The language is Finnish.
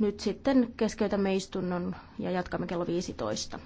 nyt sitten keskeytämme istunnon ja jatkamme kello 15.